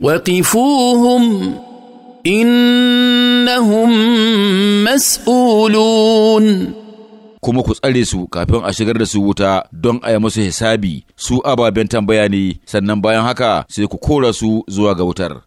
وقفوهم إنهم مسؤولون kuma ku tsare su kafin a shigar da su wuta don a yi musu hisabi su ababen tambaya ne sannan bayan haka sai ku kora su zuwa ga wutar